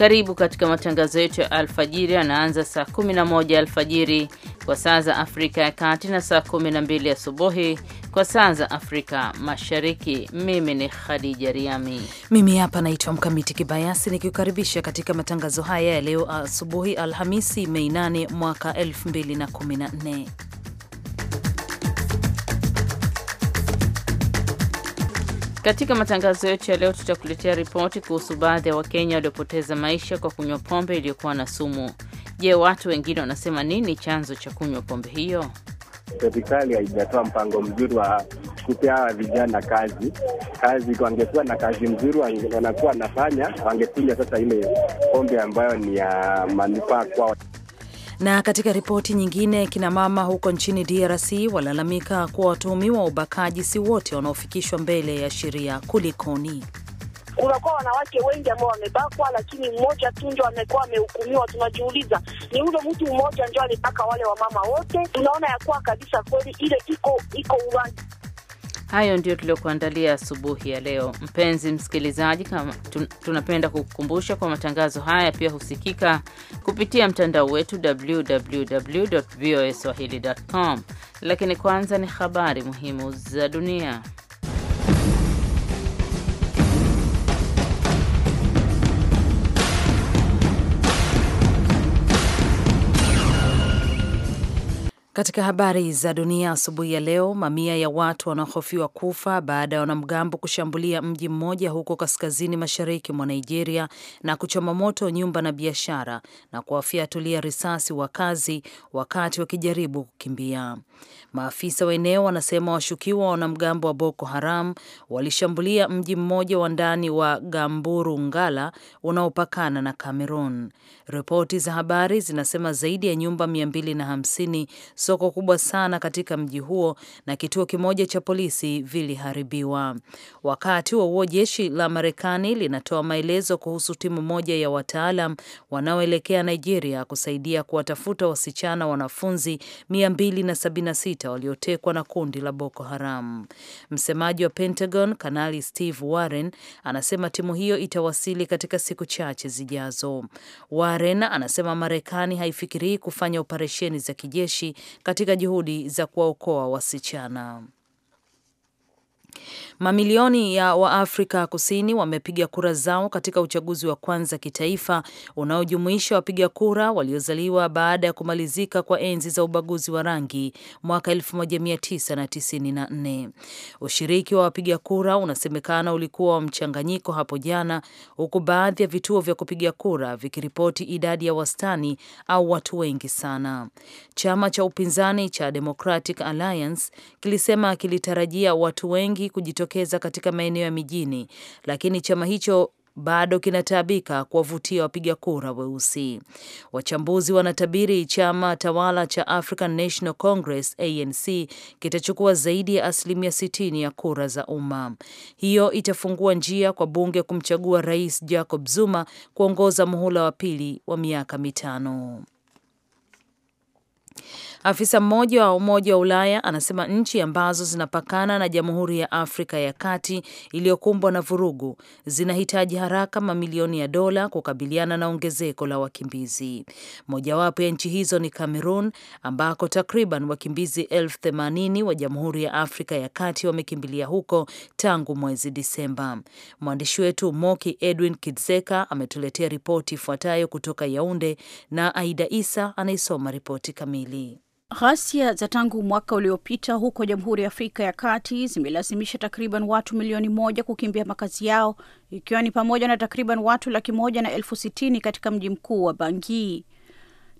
Karibu katika matangazo yetu ya alfajiri, yanaanza saa 11 alfajiri kwa saa za Afrika ya Kati na saa 12 asubuhi kwa saa za Afrika Mashariki. Mimi ni Khadija Riami, mimi hapa naitwa Mkamiti Kibayasi nikiukaribisha katika matangazo haya ya leo asubuhi, Alhamisi Mei 8 mwaka 2014. Katika matangazo yetu ya leo tutakuletea ripoti kuhusu baadhi ya Wakenya waliopoteza maisha kwa kunywa pombe iliyokuwa na sumu. Je, watu wengine wanasema nini chanzo cha kunywa pombe hiyo? Serikali haijatoa mpango mzuri wa kupea hawa vijana kazi kazi. Wangekuwa na kazi mzuri wanakuwa wanafanya, wangekunywa sasa ile pombe ambayo ni ya manufaa kwao. Na katika ripoti nyingine, kinamama huko nchini DRC walalamika kuwa watuhumiwa wa ubakaji si wote wanaofikishwa mbele ya sheria. Kulikoni? Kunakuwa wanawake wengi ambao wamebakwa, lakini mmoja tu ndio amekuwa amehukumiwa. Tunajiuliza, ni ule mtu mmoja ndio alipaka wale wamama wote? Tunaona ya kuwa kabisa kweli ile iko iko uwazi Hayo ndiyo tuliokuandalia asubuhi ya leo. Mpenzi msikilizaji, kama tunapenda kukukumbusha kwa matangazo haya pia husikika kupitia mtandao wetu www voa swahili com, lakini kwanza ni habari muhimu za dunia. Katika habari za dunia asubuhi ya leo, mamia ya watu wanaohofiwa kufa baada ya wanamgambo kushambulia mji mmoja huko kaskazini mashariki mwa Nigeria na kuchoma moto nyumba na biashara na kuwafiatulia risasi wakazi wakati wakijaribu kukimbia. Maafisa wa eneo wanasema washukiwa wa wanamgambo wa Boko Haram walishambulia mji mmoja wa ndani wa Gamburu Ngala unaopakana na Cameroon. Ripoti za habari zinasema zaidi ya nyumba 250 soko kubwa sana katika mji huo na kituo kimoja cha polisi viliharibiwa. Wakati wa huo jeshi la Marekani linatoa maelezo kuhusu timu moja ya wataalam wanaoelekea Nigeria kusaidia kuwatafuta wasichana wanafunzi 276 waliotekwa na kundi la Boko Haram. Msemaji wa Pentagon Kanali Steve Warren anasema timu hiyo itawasili katika siku chache zijazo. Warren anasema Marekani haifikirii kufanya operesheni za kijeshi katika juhudi za kuwaokoa wasichana. Mamilioni ya Waafrika Kusini wamepiga kura zao katika uchaguzi wa kwanza kitaifa unaojumuisha wapiga kura waliozaliwa baada ya kumalizika kwa enzi za ubaguzi wa rangi mwaka 1994. Ushiriki wa wapiga kura unasemekana ulikuwa wa mchanganyiko hapo jana, huku baadhi ya vituo vya kupiga kura vikiripoti idadi ya wastani au watu wengi sana. Chama cha upinzani cha Democratic Alliance kilisema kilitarajia watu wengi wengi kujitokeza katika maeneo ya mijini, lakini chama hicho bado kinataabika kuwavutia wapiga kura weusi. Wachambuzi wanatabiri chama tawala cha African National Congress ANC kitachukua zaidi ya asilimia 60 ya kura za umma. Hiyo itafungua njia kwa bunge kumchagua Rais Jacob Zuma kuongoza muhula wa pili wa miaka mitano. Afisa mmoja wa Umoja wa Ulaya anasema nchi ambazo zinapakana na Jamhuri ya Afrika ya Kati iliyokumbwa na vurugu zinahitaji haraka mamilioni ya dola kukabiliana na ongezeko la wakimbizi. Mojawapo ya nchi hizo ni Cameroon ambako takriban wakimbizi elfu themanini wa Jamhuri ya Afrika ya Kati wamekimbilia huko tangu mwezi Disemba. Mwandishi wetu Moki Edwin Kidzeka ametuletea ripoti ifuatayo kutoka Yaunde na Aida Isa anaisoma ripoti kamili. Ghasia za tangu mwaka uliopita huko Jamhuri ya Afrika ya Kati zimelazimisha takriban watu milioni moja kukimbia makazi yao ikiwa ni pamoja na takriban watu laki moja na elfu sitini katika mji mkuu wa Bangi.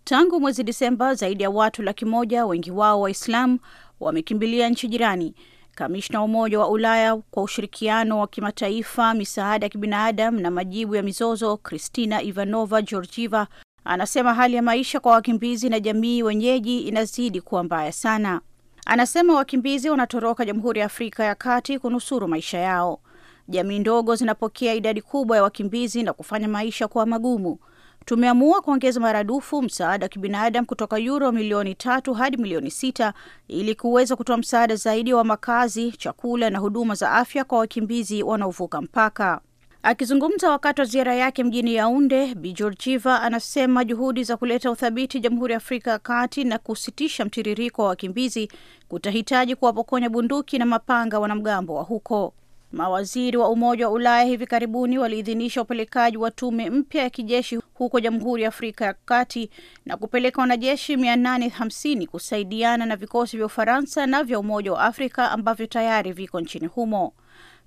Tangu mwezi Disemba, zaidi ya watu laki moja, wengi wao Waislamu, wamekimbilia nchi jirani. Kamishna wa Umoja wa Ulaya kwa ushirikiano wa kimataifa, misaada ya kibinadamu na majibu ya mizozo, Kristina Ivanova Georgieva Anasema hali ya maisha kwa wakimbizi na jamii wenyeji inazidi kuwa mbaya sana. Anasema wakimbizi wanatoroka Jamhuri ya Afrika ya Kati kunusuru maisha yao. Jamii ndogo zinapokea idadi kubwa ya wakimbizi na kufanya maisha kuwa magumu. Tumeamua kuongeza maradufu msaada wa kibinadamu kutoka yuro milioni tatu hadi milioni sita ili kuweza kutoa msaada zaidi wa makazi, chakula na huduma za afya kwa wakimbizi wanaovuka mpaka. Akizungumza wakati wa ziara yake mjini Yaunde, Bi Georgieva anasema juhudi za kuleta uthabiti Jamhuri ya Afrika ya Kati na kusitisha mtiririko wa wakimbizi kutahitaji kuwapokonya bunduki na mapanga wanamgambo wa huko. Mawaziri wa Umoja wa Ulaya hivi karibuni waliidhinisha upelekaji wa tume mpya ya kijeshi huko Jamhuri ya Afrika ya Kati na kupeleka wanajeshi 850 kusaidiana na vikosi vya Ufaransa na vya Umoja wa Afrika ambavyo tayari viko nchini humo.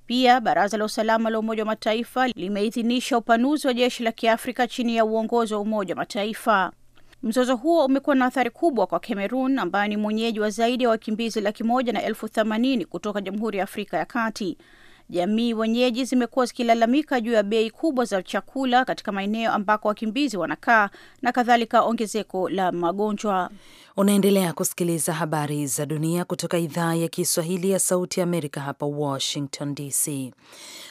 Pia baraza la usalama la Umoja wa Mataifa limeidhinisha upanuzi wa jeshi la kiafrika chini ya uongozi wa Umoja wa Mataifa. Mzozo huo umekuwa na athari kubwa kwa Cameroon ambayo ni mwenyeji wa zaidi ya wa wakimbizi laki moja na elfu themanini kutoka Jamhuri ya Afrika ya Kati. Jamii wenyeji zimekuwa zikilalamika juu ya bei kubwa za chakula katika maeneo ambako wakimbizi wanakaa na kadhalika, ongezeko la magonjwa. Unaendelea kusikiliza habari za dunia kutoka idhaa ya Kiswahili ya Sauti ya Amerika, hapa Washington DC.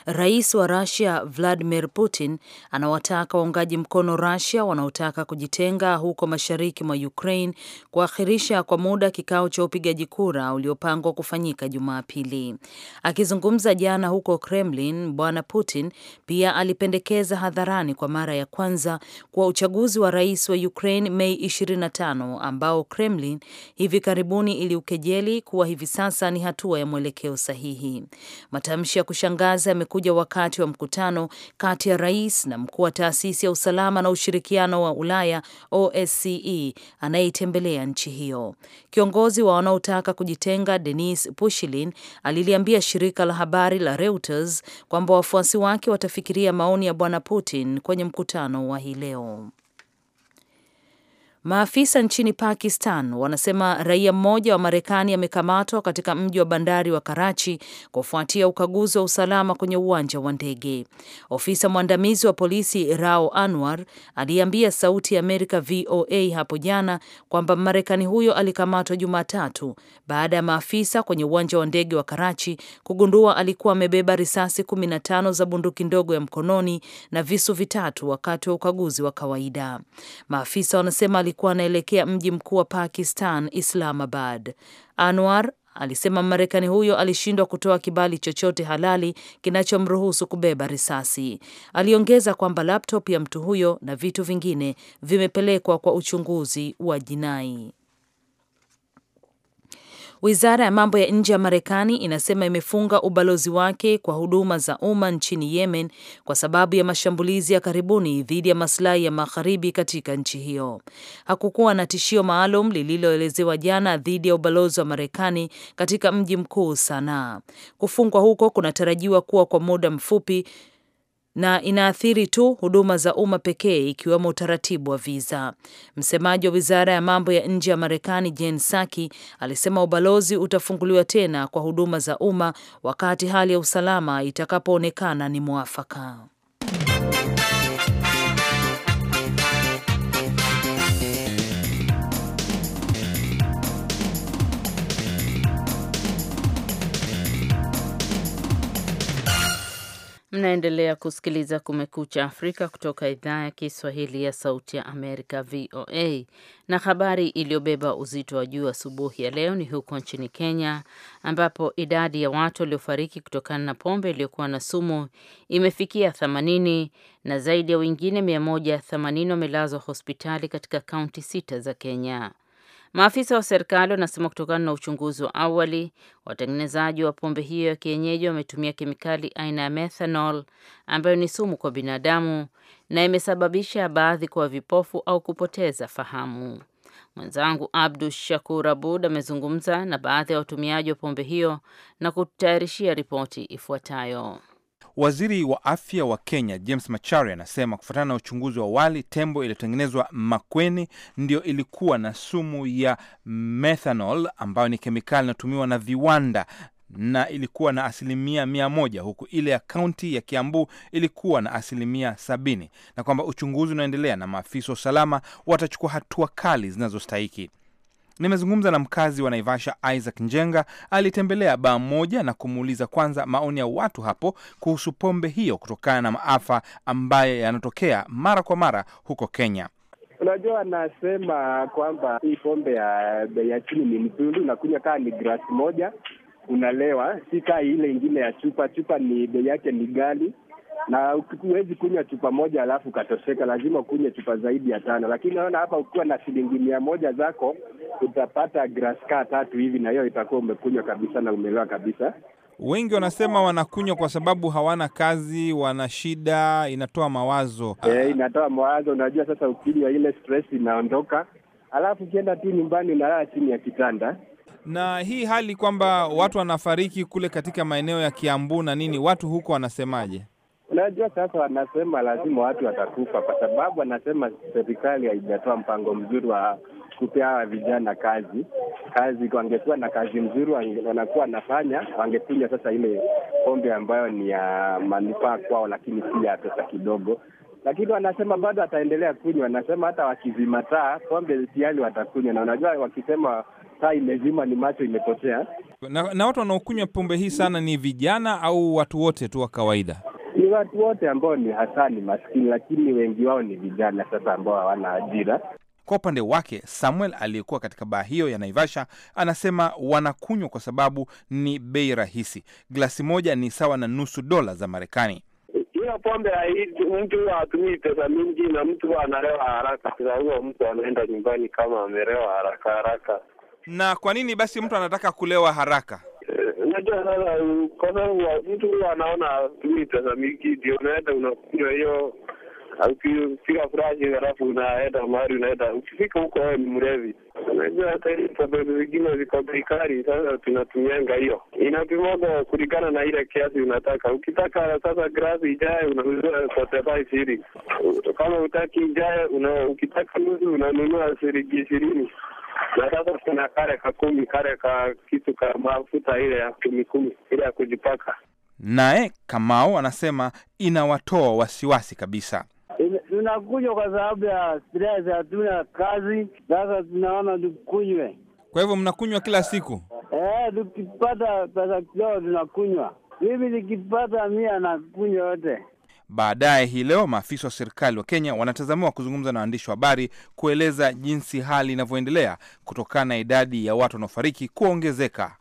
Rais wa Rusia Vladimir Putin anawataka waungaji mkono Rusia wanaotaka kujitenga huko mashariki mwa Ukraine kuakhirisha kwa muda kikao cha upigaji kura uliopangwa kufanyika Jumapili. Akizungumza jana huko Kremlin, Bwana Putin pia alipendekeza hadharani kwa mara ya kwanza kwa uchaguzi wa rais wa Ukraine Mei 25 ambao Kremlin hivi karibuni iliukejeli kuwa hivi sasa ni hatua ya mwelekeo sahihi. Matamshi ya kushangaza yamekuja wakati wa mkutano kati ya rais na mkuu wa taasisi ya usalama na ushirikiano wa Ulaya OSCE anayeitembelea nchi hiyo. Kiongozi wa wanaotaka kujitenga Denis Pushilin aliliambia shirika la habari la la Reuters kwamba wafuasi wake watafikiria maoni ya bwana Putin kwenye mkutano wa hii leo. Maafisa nchini Pakistan wanasema raia mmoja wa Marekani amekamatwa katika mji wa bandari wa Karachi kufuatia ukaguzi wa usalama kwenye uwanja wa ndege. Ofisa mwandamizi wa polisi Rao Anwar aliambia Sauti ya Amerika VOA hapo jana kwamba Marekani huyo alikamatwa Jumatatu baada ya maafisa kwenye uwanja wa ndege wa Karachi kugundua alikuwa amebeba risasi 15 za bunduki ndogo ya mkononi na visu vitatu wakati wa ukaguzi wa kawaida. Maafisa wanasema alikuwa anaelekea mji mkuu wa Pakistan, Islamabad. Anwar alisema Marekani huyo alishindwa kutoa kibali chochote halali kinachomruhusu kubeba risasi. Aliongeza kwamba laptop ya mtu huyo na vitu vingine vimepelekwa kwa uchunguzi wa jinai. Wizara ya mambo ya nje ya Marekani inasema imefunga ubalozi wake kwa huduma za umma nchini Yemen kwa sababu ya mashambulizi ya karibuni dhidi ya maslahi ya magharibi katika nchi hiyo. Hakukuwa na tishio maalum lililoelezewa jana dhidi ya ubalozi wa Marekani katika mji mkuu Sanaa. Kufungwa huko kunatarajiwa kuwa kwa muda mfupi na inaathiri tu huduma za umma pekee ikiwemo utaratibu wa viza. Msemaji wa wizara ya mambo ya nje ya Marekani Jen Psaki alisema ubalozi utafunguliwa tena kwa huduma za umma wakati hali ya usalama itakapoonekana ni mwafaka. Mnaendelea kusikiliza Kumekucha Afrika kutoka idhaa ya Kiswahili ya Sauti ya Amerika, VOA. Na habari iliyobeba uzito wa juu asubuhi ya leo ni huko nchini Kenya, ambapo idadi ya watu waliofariki kutokana na pombe iliyokuwa na sumu imefikia 80 na zaidi ya wengine 180 wamelazwa hospitali katika kaunti sita za Kenya. Maafisa wa serikali wanasema kutokana na uchunguzi wa awali, watengenezaji wa pombe hiyo ya kienyeji wametumia kemikali aina ya methanol ambayo ni sumu kwa binadamu na imesababisha baadhi kuwa vipofu au kupoteza fahamu. Mwenzangu Abdu Shakur Abud amezungumza na baadhi ya watumiaji wa pombe hiyo na kutayarishia ripoti ifuatayo. Waziri wa afya wa Kenya James machari anasema kufuatana na uchunguzi wa awali, tembo iliyotengenezwa Makweni ndio ilikuwa na sumu ya methanol ambayo ni kemikali inayotumiwa na viwanda na ilikuwa na asilimia mia moja huku ile ya kaunti ya Kiambu ilikuwa na asilimia sabini na kwamba uchunguzi unaendelea na maafisa wa usalama watachukua hatua kali zinazostahiki. Nimezungumza na mkazi wa Naivasha Isaac Njenga, alitembelea baa moja na kumuuliza kwanza maoni ya watu hapo kuhusu pombe hiyo, kutokana na maafa ambayo yanatokea mara kwa mara huko Kenya. Unajua, anasema kwamba hii pombe ya bei ya chini ni mzuri, unakunywa kaa ni grasi moja unalewa, si kaa ile ingine ya chupa. Chupa ni bei yake ni ghali, na huwezi kunywa chupa moja alafu ukatosheka, lazima ukunywe chupa zaidi ya tano. Lakini naona hapa ukiwa na shilingi mia moja zako utapata grasi kaa tatu hivi, na hiyo itakuwa umekunywa kabisa na umelewa kabisa. Wengi wanasema wanakunywa kwa sababu hawana kazi, wana shida, inatoa mawazo e, inatoa mawazo. Unajua, sasa ukinywa ile stress inaondoka, alafu ukienda tu nyumbani unalala chini ya kitanda na hii hali kwamba watu wanafariki kule katika maeneo ya Kiambu na nini, watu huko wanasemaje? Unajua, sasa wanasema lazima watu watakufa, kwa sababu wanasema serikali haijatoa mpango mzuri wa kupea hawa vijana kazi kazi. Wangekuwa na kazi mzuri wanakuwa wanafanya, wangekunywa sasa ile pombe ambayo ni ya manufaa kwao, lakini pia pesa kidogo. Lakini wanasema bado wataendelea kunywa. Wanasema hata wakizima taa pombe tayari watakunywa, na unajua wakisema taa imezima ni macho imepotea. Na, na watu wanaokunywa pombe hii sana ni vijana au watu wote tu wa kawaida? ni watu wote ambao ni hasa ni maskini, lakini wengi wao ni vijana sasa ambao hawana ajira. Kwa upande wake Samuel aliyekuwa katika baa hiyo ya Naivasha anasema wanakunywa kwa sababu ni bei rahisi. Glasi moja ni sawa na nusu dola za Marekani. Hiyo pombe mtu huwa hatumii pesa mingi, na mtu huwa analewa haraka. Sasa huyo mtu anaenda nyumbani kama amelewa haraka haraka. Na kwa nini basi mtu anataka kulewa haraka? Sasa sasa, kwa sababu mtu huwa anaona tazamiki, ndio unaenda unakunywa hiyo, ukipiga furashi halafu unaenda mahali, unaenda ukifika huko wewe ni mrevi. Unajua hata hizi tabeli zingine ziko bikari. sasa tunatumianga hiyo, inapimwaga kulingana na ile kiasi unataka. Ukitaka sasa grasi ijae, unanunua kwa five shillings, kama utaki ijae, ukitaka nusu unanunua shilingi ishirini na sasa kuna kare kumi kare ka kitu ka mafuta ile ya kumi kumi ile ya kujipaka. Naye kamao anasema inawatoa wasiwasi kabisa. Tunakunywa kwa sababu ya stress, hatuna kazi, sasa tunaona tukunywe. Kwa hivyo mnakunywa kila siku? Eh, tukipata pesa kidogo tunakunywa. Mimi nikipata mia nakunywa yote. Baadaye hii leo maafisa wa serikali wa Kenya wanatazamiwa kuzungumza na waandishi wa habari kueleza jinsi hali inavyoendelea kutokana na idadi ya watu wanaofariki kuongezeka.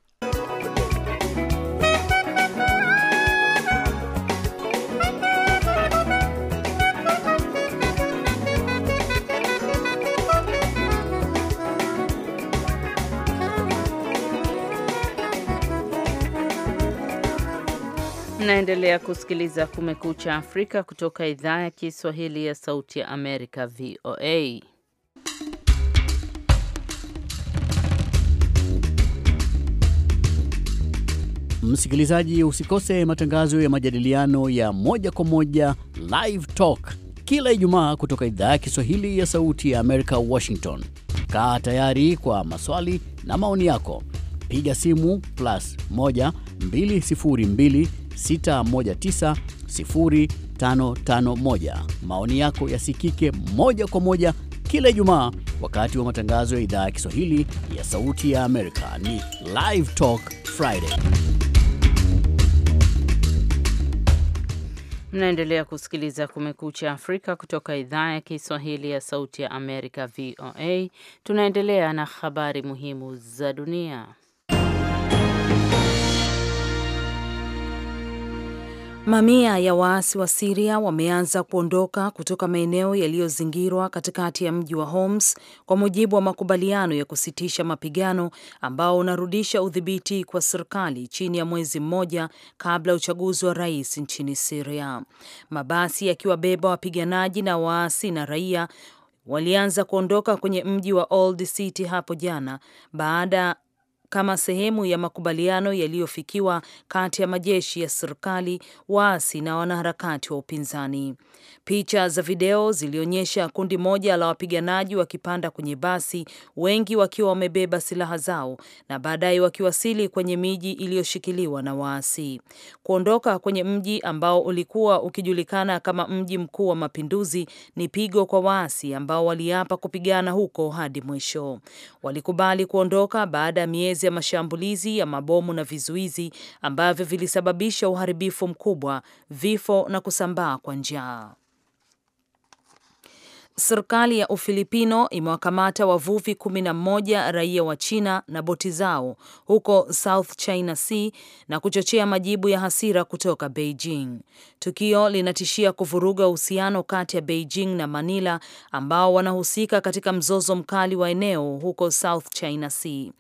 Mnaendelea kusikiliza Kumekucha Afrika kutoka idhaa ya Kiswahili ya Sauti ya Amerika, VOA. Msikilizaji, usikose matangazo ya majadiliano ya moja kwa moja, Live Talk, kila Ijumaa kutoka idhaa ya Kiswahili ya Sauti ya Amerika, Washington. Kaa tayari kwa maswali na maoni yako, piga simu plus 1 202 619 Maoni yako yasikike moja kwa moja kila Ijumaa wakati wa matangazo ya idhaa ya Kiswahili ya Sauti ya Amerika. Ni Live Talk Friday. Mnaendelea kusikiliza Kumekucha Afrika kutoka idhaa ya Kiswahili ya Sauti ya Amerika, VOA. Tunaendelea na habari muhimu za dunia. Mamia ya waasi wa Siria wameanza kuondoka kutoka maeneo yaliyozingirwa katikati ya mji wa Homs kwa mujibu wa makubaliano ya kusitisha mapigano ambao unarudisha udhibiti kwa serikali chini ya mwezi mmoja kabla ya uchaguzi wa rais nchini Siria. Mabasi yakiwabeba wapiganaji na waasi na raia walianza kuondoka kwenye mji wa Old City hapo jana baada kama sehemu ya makubaliano yaliyofikiwa kati ya majeshi ya serikali, waasi na wanaharakati wa upinzani. Picha za video zilionyesha kundi moja la wapiganaji wakipanda kwenye basi, wengi wakiwa wamebeba silaha zao na baadaye wakiwasili kwenye miji iliyoshikiliwa na waasi. Kuondoka kwenye mji ambao ulikuwa ukijulikana kama mji mkuu wa mapinduzi ni pigo kwa waasi ambao waliapa kupigana huko hadi mwisho. Walikubali kuondoka baada ya miezi ya mashambulizi ya mabomu na vizuizi ambavyo vilisababisha uharibifu mkubwa, vifo na kusambaa kwa njaa serikali ya Ufilipino imewakamata wavuvi kumi na mmoja raia wa China na boti zao huko South China Sea na kuchochea majibu ya hasira kutoka Beijing. Tukio linatishia kuvuruga uhusiano kati ya Beijing na Manila ambao wanahusika katika mzozo mkali wa eneo huko South China Sea.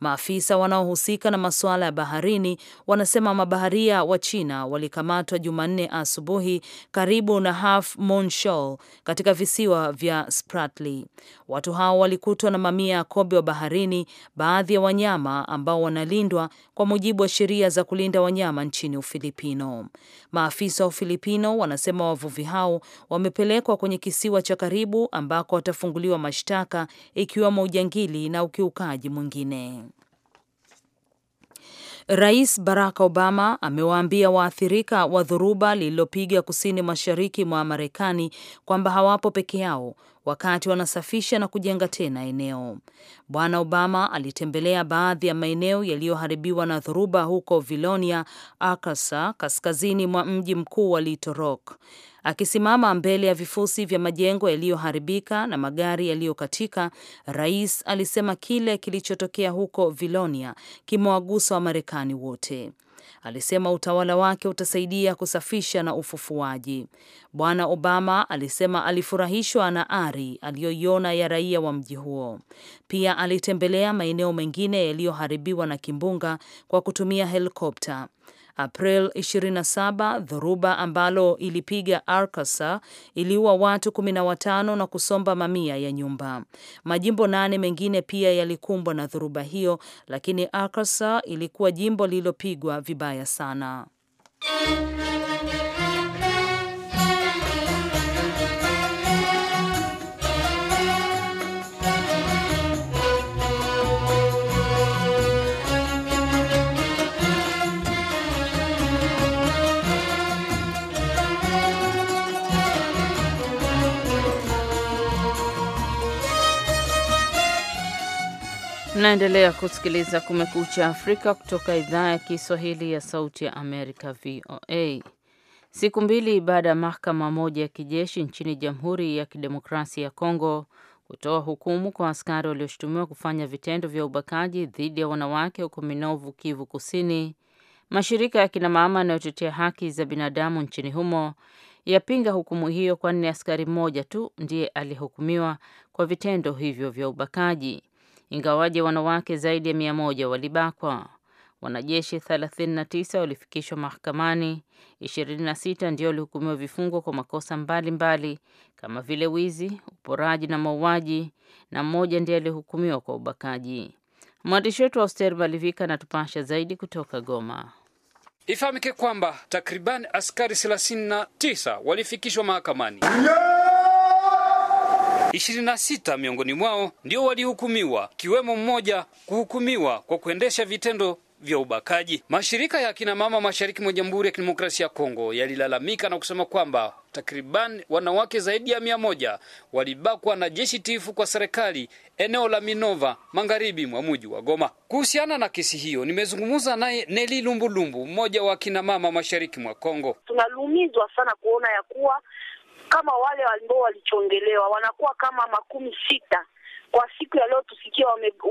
Maafisa wanaohusika na masuala ya baharini wanasema mabaharia wa China walikamatwa Jumanne asubuhi karibu na Half Moon Shoal katika visiwa vya Spratly. Watu hao walikutwa na mamia ya kobe wa baharini, baadhi ya wanyama ambao wanalindwa kwa mujibu wa sheria za kulinda wanyama nchini Ufilipino. Maafisa wa Ufilipino wanasema wavuvi hao wamepelekwa kwenye kisiwa cha karibu ambako watafunguliwa mashtaka ikiwemo ujangili na ukiukaji mwingine. Rais Barack Obama amewaambia waathirika wa dhoruba lililopiga kusini mashariki mwa Marekani kwamba hawapo peke yao wakati wanasafisha na kujenga tena eneo. Bwana Obama alitembelea baadhi ya maeneo yaliyoharibiwa na dhoruba huko Vilonia, Arkansas, kaskazini mwa mji mkuu wa Little Rock. Akisimama mbele ya vifusi vya majengo yaliyoharibika na magari yaliyokatika, rais alisema kile kilichotokea huko Vilonia kimewagusa marekani wote. Alisema utawala wake utasaidia kusafisha na ufufuaji. Bwana Obama alisema alifurahishwa na ari aliyoiona ya raia wa mji huo. Pia alitembelea maeneo mengine yaliyoharibiwa na kimbunga kwa kutumia helikopta. April 27, dhoruba ambalo ilipiga Arkansas iliua watu 15 na kusomba mamia ya nyumba. Majimbo nane mengine pia yalikumbwa na dhoruba hiyo, lakini Arkansas ilikuwa jimbo lililopigwa vibaya sana. Mnaendelea kusikiliza Kumekucha Afrika kutoka idhaa ya Kiswahili ya Sauti ya Amerika, VOA. Siku mbili baada ya mahakama moja ya kijeshi nchini Jamhuri ya Kidemokrasia ya Kongo kutoa hukumu kwa askari walioshutumiwa kufanya vitendo vya ubakaji dhidi ya wanawake huko Minovu, Kivu Kusini, mashirika ya kinamama yanayotetea haki za binadamu nchini humo yapinga hukumu hiyo, kwani ni askari mmoja tu ndiye aliyehukumiwa kwa vitendo hivyo vya ubakaji ingawaje wanawake zaidi ya mia moja walibakwa. Wanajeshi 39 walifikishwa mahakamani, 26 ndio walihukumiwa vifungo kwa makosa mbalimbali mbali, kama vile wizi, uporaji na mauaji, na mmoja ndiye alihukumiwa kwa ubakaji. Mwandishi wetu wa Auster Malivika anatupasha zaidi kutoka Goma. Ifahamike kwamba takriban askari 39 walifikishwa mahakamani yeah! 26 miongoni mwao ndio walihukumiwa, ikiwemo mmoja kuhukumiwa kwa kuendesha vitendo vya ubakaji. Mashirika ya kina mama mashariki mwa Jamhuri ya Kidemokrasia ya Kongo yalilalamika na kusema kwamba takriban wanawake zaidi ya mia moja walibakwa na jeshi tifu kwa serikali eneo la Minova magharibi mwa mji wa Goma. Kuhusiana na kesi hiyo, nimezungumza naye Neli Lumbulumbu, mmoja wa kina mama mashariki mwa Kongo. Tunalumizwa sana kuona ya kuwa kama wale ambao walichongelewa wanakuwa kama makumi sita kwa siku ya leo tusikia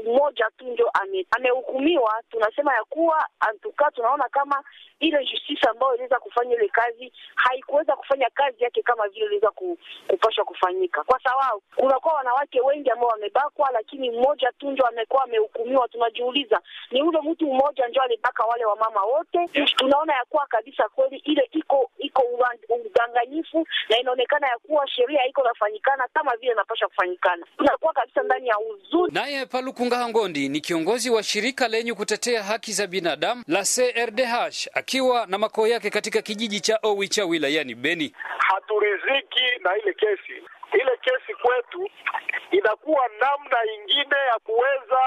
mmoja tu ndio amehukumiwa. Tunasema ya kuwa antuka, tunaona kama ile justice ambayo iliweza kufanya ile kazi haikuweza kufanya kazi yake kama vile iliweza kupashwa kufanyika, kwa sababu kunakuwa wanawake wengi ambao wamebakwa, lakini mmoja tu ndio amekuwa amehukumiwa. Tunajiuliza, ni ule mtu mmoja ndio alibaka wale wamama wote? Tunaona ya kuwa kabisa kweli ile iko iko udanganyifu, na inaonekana ya kuwa sheria iko nafanyikana kama vile inapasha kufanyikana. Tunakuwa kabisa ndani ya uzuri Naye Paluku Ngaha Ngondi ni kiongozi wa shirika lenye kutetea haki za binadamu la CRDH akiwa na makao yake katika kijiji cha Owicha wilayani Beni. Haturiziki na ile kesi, ile kesi kwetu inakuwa namna ingine ya kuweza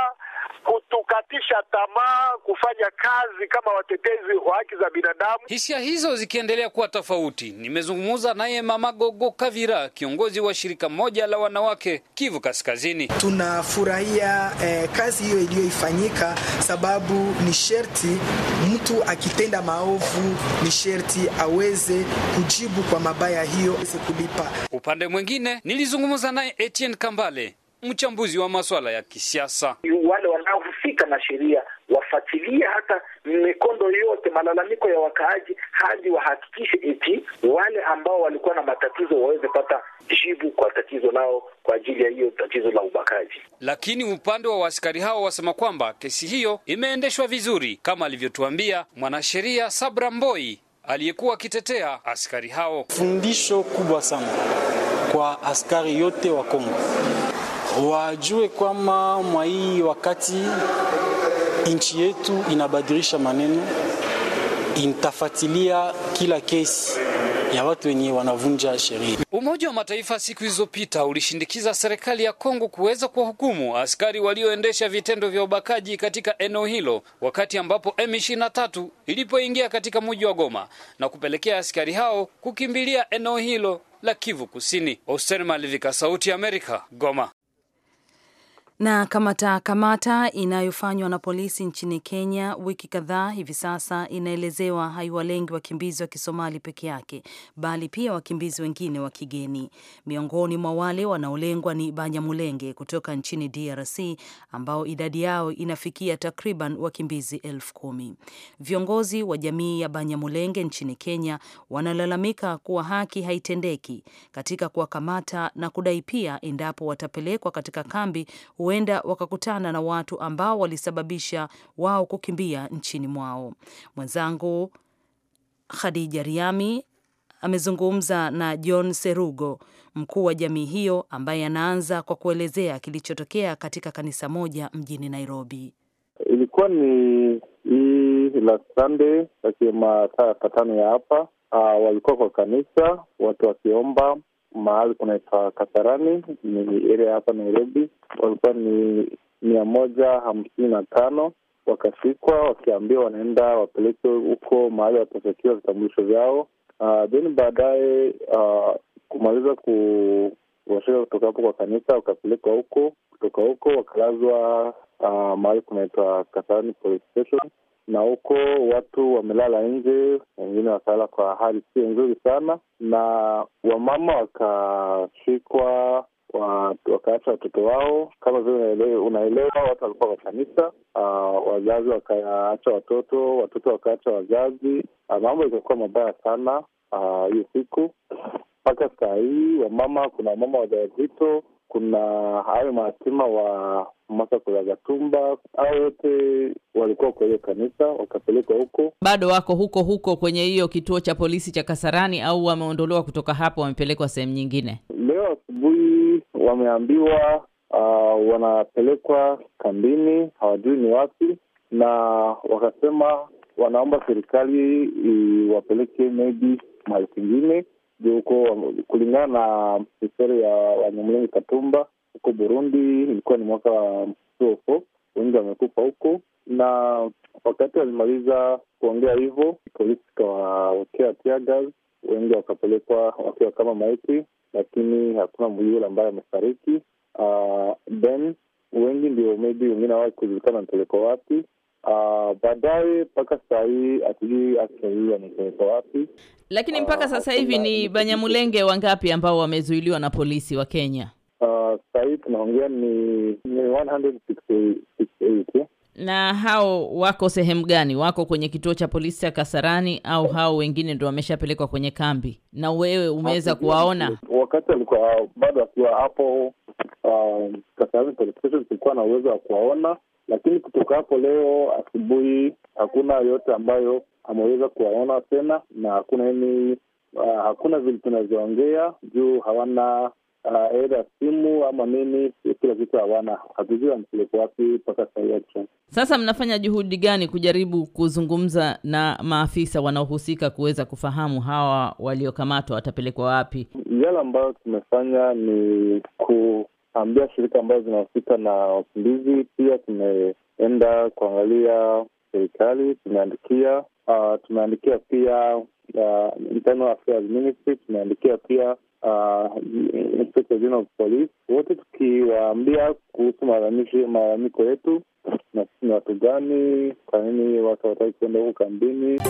kutukatisha tamaa kufanya kazi kama watetezi wa haki za binadamu. Hisia hizo zikiendelea kuwa tofauti, nimezungumza naye Mama Gogo Kavira, kiongozi wa shirika moja la wanawake Kivu Kaskazini. Tunafurahia eh, kazi hiyo iliyoifanyika, sababu ni sherti mtu akitenda maovu ni sherti aweze kujibu kwa mabaya hiyo, aweze kulipa. Upande mwingine nilizungumza naye Etienne Kambale, mchambuzi wa masuala ya kisiasa. Wale sheria wafuatilie hata mikondo yote malalamiko ya wakaaji, hadi wahakikishe eti wale ambao walikuwa na matatizo waweze pata jibu kwa tatizo lao, kwa ajili ya hiyo tatizo la ubakaji. Lakini upande wa askari hao wasema kwamba kesi hiyo imeendeshwa vizuri, kama alivyotuambia mwanasheria Sabra Mboi aliyekuwa akitetea askari hao. Fundisho kubwa sana kwa askari yote wa Kongo wajue kwamba mwa hii wakati nchi yetu inabadilisha maneno, intafatilia kila kesi ya watu wenye wanavunja sheria. Umoja wa Mataifa siku zilizopita ulishindikiza serikali ya Kongo kuweza kuwahukumu askari walioendesha vitendo vya ubakaji katika eneo hilo, wakati ambapo M23 ilipoingia katika mji wa Goma na kupelekea askari hao kukimbilia eneo hilo la Kivu Kusini. Oster Malivika, Sauti ya Amerika, Goma. Na kamata kamata inayofanywa na polisi nchini Kenya wiki kadhaa hivi sasa inaelezewa haiwalengi wakimbizi wa Kisomali peke yake, bali pia wakimbizi wengine wa kigeni. Miongoni mwa wale wanaolengwa ni Banyamulenge kutoka nchini DRC ambao idadi yao inafikia takriban wakimbizi elfu kumi. Viongozi wa jamii ya Banyamulenge nchini Kenya wanalalamika kuwa haki haitendeki katika kuwakamata na kudai pia endapo watapelekwa katika kambi huenda wakakutana na watu ambao walisababisha wao kukimbia nchini mwao. Mwenzangu Khadija Riami amezungumza na John Serugo, mkuu wa jamii hiyo, ambaye anaanza kwa kuelezea kilichotokea katika kanisa moja mjini Nairobi. Ilikuwa ni hii la Sunday, akiwa masaa ya patano ya hapa, ah, walikuwa kwa kanisa watu wakiomba mahali kunaitwa Kasarani, ni area hapa Nairobi. Walikuwa ni mia moja hamsini na tano wakasikwa wakiambiwa wanaenda wapeleke huko mahali watasakiwa vitambulisho vyao. Uh, then baadaye uh, kumaliza ku washuka kutoka hapo kwa kanisa wakapelekwa huko, kutoka huko wakalazwa uh, mahali kunaitwa Kasarani Police Station, na huko watu wamelala nje, wengine wakalala kwa hali sio nzuri sana, na wamama wakashikwa wakaacha watoto wao kama vile unaelewa, watu walikuwa kwa kanisa. Uh, wazazi wakaacha watoto, watoto wakaacha wazazi. Uh, mambo ikakuwa mabaya sana hiyo uh, siku mpaka saa hii wamama, kuna wamama wajawazito, kuna hayo maatima wa kula Gatumba, hao wote walikuwa kwa hiyo kanisa wakapelekwa huko, bado wako huko huko kwenye hiyo kituo cha polisi cha Kasarani, au wameondolewa kutoka hapo, wamepelekwa sehemu nyingine. Leo asubuhi wameambiwa uh, wanapelekwa kambini, hawajui ni wapi, na wakasema wanaomba serikali iwapeleke maybe mahali kingine juu huko, kulingana na historia ya Wanyamulenge Katumba huko Burundi, ilikuwa ni mwaka wa tuofo, wengi wamekufa huko, na wakati walimaliza kuongea hivyo, polisi ikawawekea teargas, wengi wakapelekwa wakiwa kama maiti, lakini hakuna mtu ambaye amefariki. Uh, then wengi ndio maybe wengine kujulikana mpeleko wapi Ah, baadaye mpaka saa hii hatujui afisa hii wapi, lakini ah, mpaka sasa hivi ni Banyamulenge wangapi ambao wamezuiliwa na polisi wa Kenya? Ah, saa hii tunaongea ni, ni 168 na hao wako sehemu gani? Wako kwenye kituo cha polisi cha Kasarani au hao wengine ndo wameshapelekwa kwenye kambi? Na wewe umeweza kuwaona? Wakati alikuwa bado akiwa hapo um, Kasarani tulikuwa na uwezo wa kuwaona lakini kutoka hapo leo asubuhi hakuna yote ambayo ameweza kuwaona tena, na hakuna yani, uh, hakuna vile tunavyoongea juu hawana uh, edha simu ama nini, kila kitu hawana. Hatujui amepelekwa wapi mpaka sahii. Sasa mnafanya juhudi gani kujaribu kuzungumza na maafisa wanaohusika kuweza kufahamu hawa waliokamatwa watapelekwa wapi? Yale ambayo tumefanya ni ku ambia shirika ambazo zinahusika na wakimbizi. Pia tumeenda kuangalia serikali, tumeandikia uh, tumeandikia pia ah, Internal Affairs Ministry, tumeandikia pia ah, Inspector General of Police, wote tukiwaambia kuhusu malalamiko yetu na sisi ni watu gani, kwa nini watu hawataki kuenda huko kambini.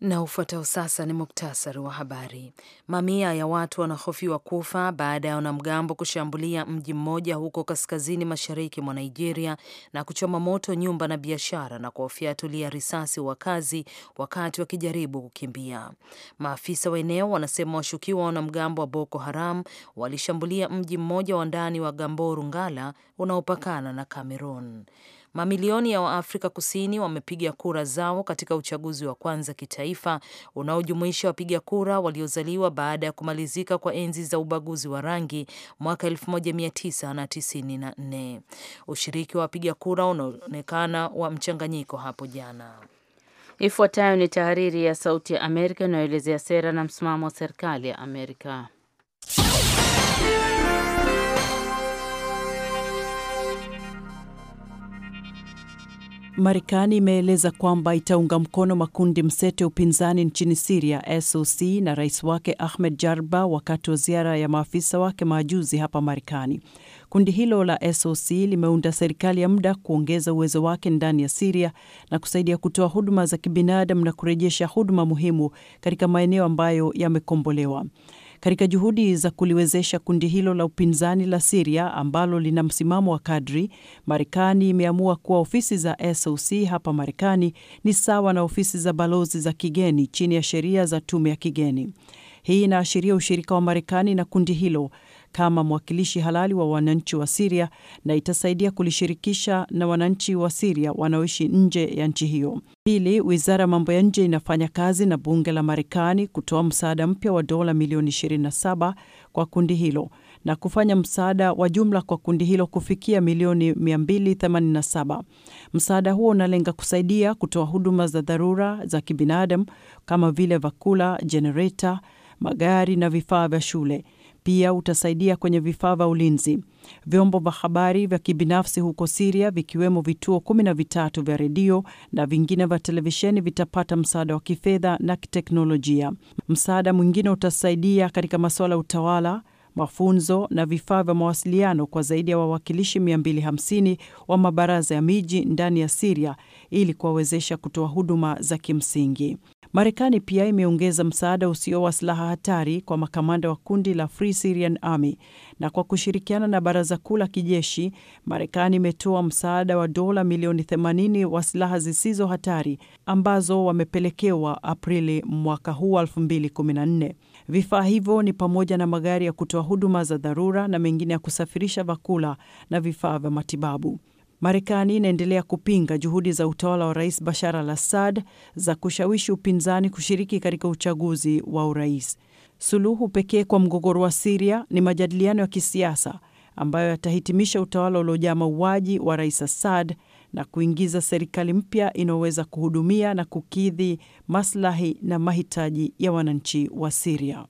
Na ufuatao sasa ni muktasari wa habari. Mamia ya watu wanahofiwa kufa baada ya wanamgambo kushambulia mji mmoja huko kaskazini mashariki mwa Nigeria na kuchoma moto nyumba na biashara na kuwafyatulia risasi wakazi wakati wakijaribu kukimbia. Maafisa wa eneo wanasema washukiwa wanamgambo wa Boko Haram walishambulia mji mmoja wa ndani wa Gamboru Ngala unaopakana na Cameroon. Mamilioni ya Waafrika Kusini wamepiga kura zao katika uchaguzi wa kwanza kitaifa unaojumuisha wapiga kura waliozaliwa baada ya kumalizika kwa enzi za ubaguzi wa rangi mwaka 1994. Ushiriki wa wapiga kura unaonekana wa mchanganyiko hapo jana. Ifuatayo ni tahariri ya Sauti ya Amerika inayoelezea sera na msimamo wa serikali ya Amerika. Marekani imeeleza kwamba itaunga mkono makundi mseto ya upinzani nchini Siria SOC na rais wake Ahmed Jarba wakati wa ziara ya maafisa wake majuzi hapa Marekani. Kundi hilo la SOC limeunda serikali ya muda kuongeza uwezo wake ndani ya Siria na kusaidia kutoa huduma za kibinadamu na kurejesha huduma muhimu katika maeneo ambayo yamekombolewa katika juhudi za kuliwezesha kundi hilo la upinzani la Siria ambalo lina msimamo wa kadri. Marekani imeamua kuwa ofisi za SOC hapa Marekani ni sawa na ofisi za balozi za kigeni chini ya sheria za tume ya kigeni. Hii inaashiria ushirika wa Marekani na kundi hilo kama mwakilishi halali wa wananchi wa Siria na itasaidia kulishirikisha na wananchi wa Siria wanaoishi nje ya nchi hiyo. Pili, wizara ya mambo ya nje inafanya kazi na bunge la Marekani kutoa msaada mpya wa dola milioni 27 kwa kundi hilo na kufanya msaada wa jumla kwa kundi hilo kufikia milioni 287. Msaada huo unalenga kusaidia kutoa huduma za dharura za kibinadamu kama vile vakula jenereta, magari na vifaa vya shule. Pia utasaidia kwenye vifaa vya ulinzi. Vyombo vya habari vya kibinafsi huko Siria, vikiwemo vituo kumi na vitatu vya redio na vingine vya televisheni, vitapata msaada wa kifedha na kiteknolojia. Msaada mwingine utasaidia katika masuala ya utawala mafunzo na vifaa vya mawasiliano kwa zaidi ya wawakilishi 250 wa mabaraza ya miji ndani ya Siria ili kuwawezesha kutoa huduma za kimsingi. Marekani pia imeongeza msaada usio wa silaha hatari kwa makamanda wa kundi la Free Syrian Army, na kwa kushirikiana na baraza kuu la kijeshi, Marekani imetoa msaada wa dola milioni 80 wa silaha zisizo hatari ambazo wamepelekewa Aprili mwaka huu 2014. Vifaa hivyo ni pamoja na magari ya kutoa huduma za dharura na mengine ya kusafirisha vyakula na vifaa vya matibabu. Marekani inaendelea kupinga juhudi za utawala wa Rais Bashar al Assad za kushawishi upinzani kushiriki katika uchaguzi wa urais. Suluhu pekee kwa mgogoro wa Siria ni majadiliano ya kisiasa ambayo yatahitimisha utawala uliojaa mauaji wa Rais Assad na kuingiza serikali mpya inayoweza kuhudumia na kukidhi maslahi na mahitaji ya wananchi wa Siria.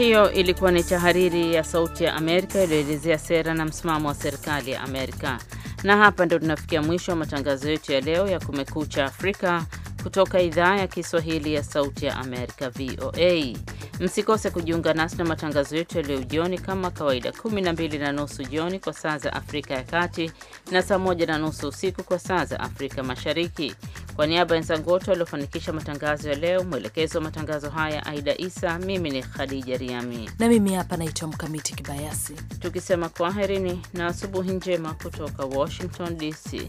Hiyo ilikuwa ni tahariri ya Sauti ya Amerika iliyoelezea sera na msimamo wa serikali ya Amerika. Na hapa ndio tunafikia mwisho wa matangazo yetu ya leo ya Kumekucha Afrika kutoka idhaa ya Kiswahili ya Sauti ya Amerika, VOA. Msikose kujiunga nasi na matangazo yetu ya leo jioni kama kawaida, 12 na nusu jioni kwa saa za Afrika ya Kati na saa 1 na nusu usiku kwa saa za Afrika Mashariki. Kwa niaba ya wenzangu wote waliofanikisha matangazo ya leo, mwelekezo wa matangazo haya Aida Isa, mimi ni Khadija Riami na mimi hapa naitwa Mkamiti Kibayasi, tukisema kwaherini na asubuhi njema kutoka Washington DC.